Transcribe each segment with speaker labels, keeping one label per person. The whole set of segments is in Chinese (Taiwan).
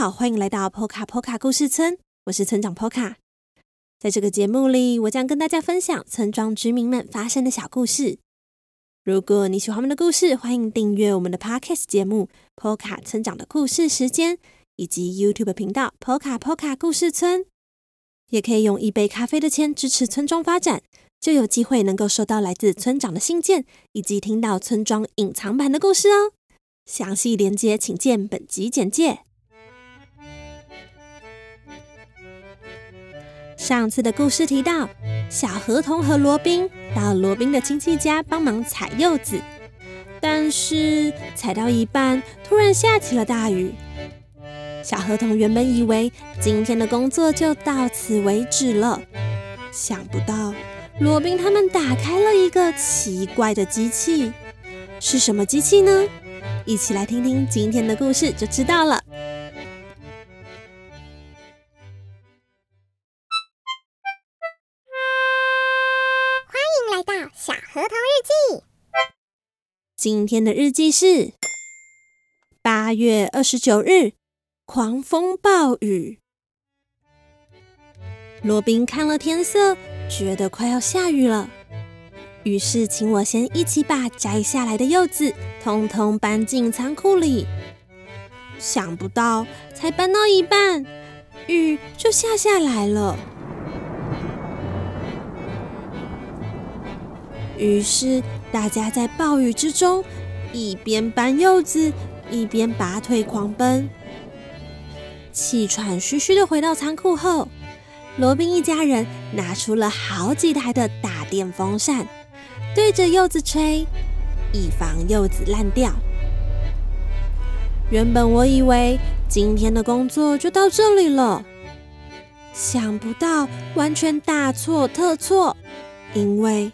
Speaker 1: 好，歡迎來到 Poca Poca 故事村。我是村長 Poca。在這個節目裡，我將跟大家分享村莊居民們發生的小故事。如果你喜歡我們的故事，歡迎訂閱我們的 Podcast 節目《Poca 村長的故事時間》，以及 YouTube 頻道 Poca Poca 故事村。也可以用一杯咖啡的錢支持村莊發展，就有機會能夠收到來自村長的信件，以及聽到村莊隱藏版的故事哦。詳細連接請見本集簡介。上次的故事提到，小河童和羅賓到羅賓的親戚家幫忙採柚子，但是採到一半，突然下起了大雨。小河童原本以為今天的工作就到此為止了，想不到羅賓他們打開了一個奇怪的機器，是什麼機器呢？一起來聽聽今天的故事就知道了。今天的日記是八月二十九日，狂風暴雨。羅賓看了天色，覺得快要下雨了，於是請我先一起把摘下來的柚子通通搬進倉庫裡。想不到，才搬到一半，雨就下下來了。於是。大家在暴雨之中，一邊搬柚子，一邊拔腿狂奔，氣喘籲籲地回到倉庫後，羅賓一家人拿出了好幾台的大電風扇，對着柚子吹，以防柚子爛掉。原本我以為今天的工作就到這裡了，想不到完全大錯特錯，因為。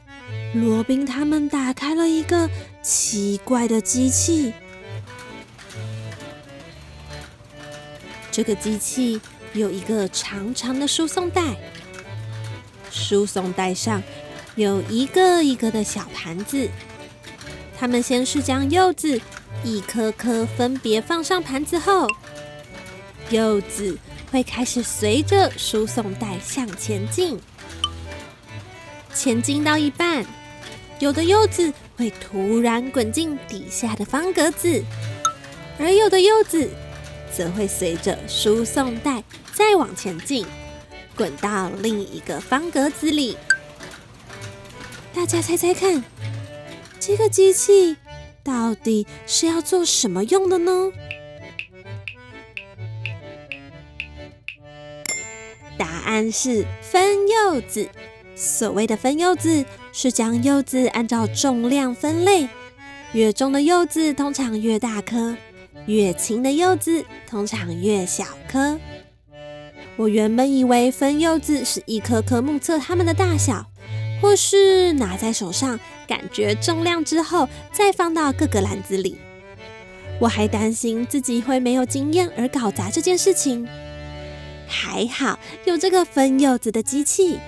Speaker 1: 羅賓他們打開了一個奇怪的機器，這個機器有一個長長的輸送帶，輸送帶上有一個一個的小盤子。他們先是將柚子一顆顆分別放上盤子後，柚子會開始隨着輸送帶向前進，前進到一半。有的柚子會突然滾進底下的方格子，而有的柚子則會隨着輸送帶再往前進，滾到另一個方格子裡。大家猜猜看，這個機器到底是要做什麼用的呢？答案是分柚子。所謂的分柚子，是將柚子按照重量分類，越重的柚子通常越大顆，越輕的柚子通常越小顆。我原本以為分柚子是一顆顆目測它們的大小，或是拿在手上感覺重量之後，再放到各個籃子裡。我還擔心自己會沒有經驗而搞砸這件事情，還好有這個分柚子的機器。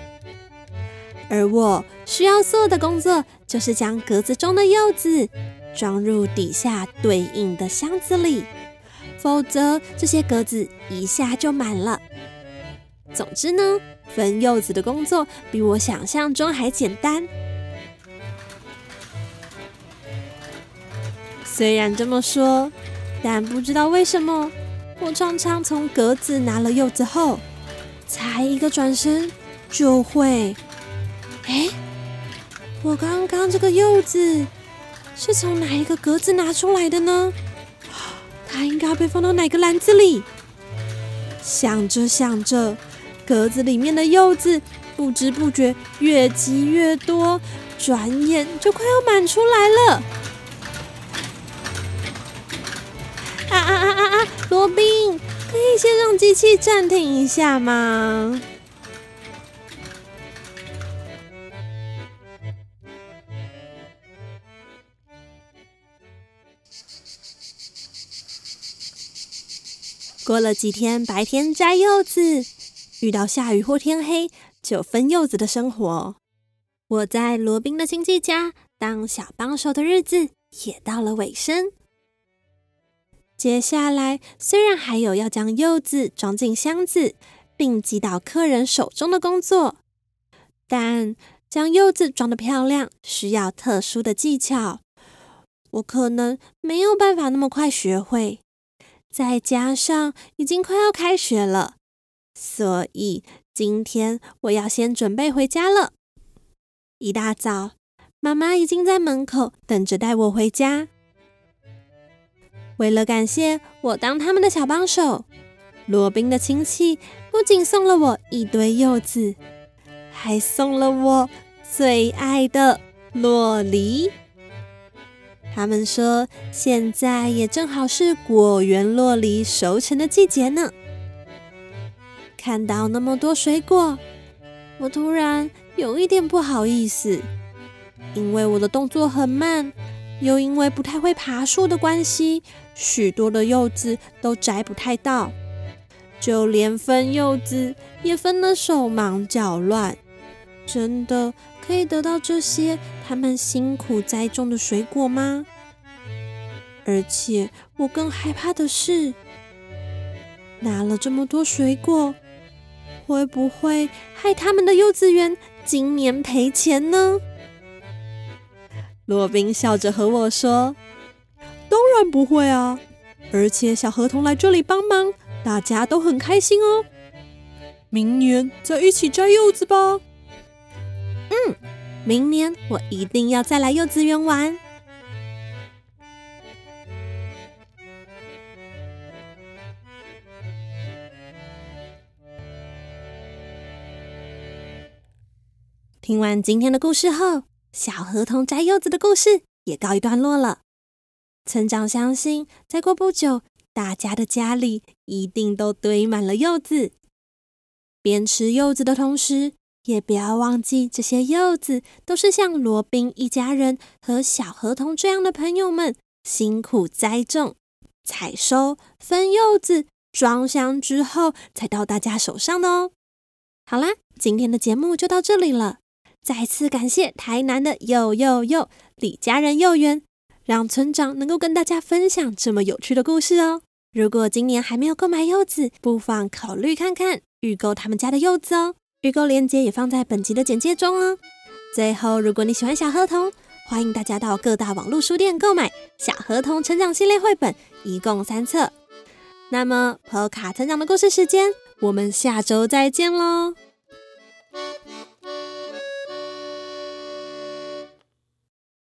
Speaker 1: 而我需要做的工作，就是將格子中的柚子裝入底下對應的箱子裡，否則這些格子一下就滿了。總之呢，分柚子的工作比我想象中還簡單。雖然這麼說，但不知道為什麼，我常常從格子拿了柚子後，才一個轉身就會。哎，我剛剛這個柚子是從哪一個格子拿出來的呢？它應該要被放到哪個籃子裡？想着想着，格子裡面的柚子不知不覺越積越多，轉眼就快要滿出來了。啊啊啊啊啊！羅賓，可以先讓機器暫停一下嗎？過了幾天，白天摘柚子，遇到下雨或天黑就分柚子的生活，我在羅賓的親戚家當小幫手的日子也到了尾聲。接下來雖然還有要將柚子裝進箱子，並寄到客人手中的工作，但將柚子裝得漂亮，需要特殊的技巧，我可能沒有辦法那麼快學會。再加上已經快要開學了，所以今天我要先準備回家了。一大早，媽媽已經在門口等着帶我回家。為了感謝我當他們的小幫手，羅賓的親戚不僅送了我一堆柚子，還送了我最愛的酪梨。他們說，現在也正好是果園酪梨熟成的季節呢。看到那麼多水果，我突然有一點不好意思，因為我的動作很慢，又因為不太會爬樹的關係，許多的柚子都摘不太到，就連分柚子也分得手忙腳亂。真的可以得到這些他們辛苦栽種的水果嗎？而且我更害怕的是，拿了這麼多水果，會不會害他們的柚子園今年賠錢呢？羅賓笑着和我說：“當然不會啊，而且小河童來這裡幫忙，大家都很開心哦。明年再一起摘柚子吧。”嗯，明年我一定要再來柚子園玩。聽完今天的故事後，小河童摘柚子的故事也告一段落了。村長相信，再過不久，大家的家裡一定都堆滿了柚子。邊吃柚子的同時，也不要忘記，這些柚子都是像羅賓一家人和小河童這樣的朋友們辛苦栽種、採收、分柚子、裝箱之後，才到大家手上的哦。好啦，今天的節目就到這裡了。再次感謝台南的柚柚柚李嘉仁柚園，讓村長能夠跟大家分享這麼有趣的故事哦。如果今年還沒有購買柚子，不妨考慮看看預購他們家的柚子哦。預購鏈接也放在本集的簡介中哦。最後，如果你喜歡小河童，歡迎大家到各大網絡書店購買《小河童成長系列繪本》，一共三冊。那麼，波卡成長的故事時間，我們下周再見嘍！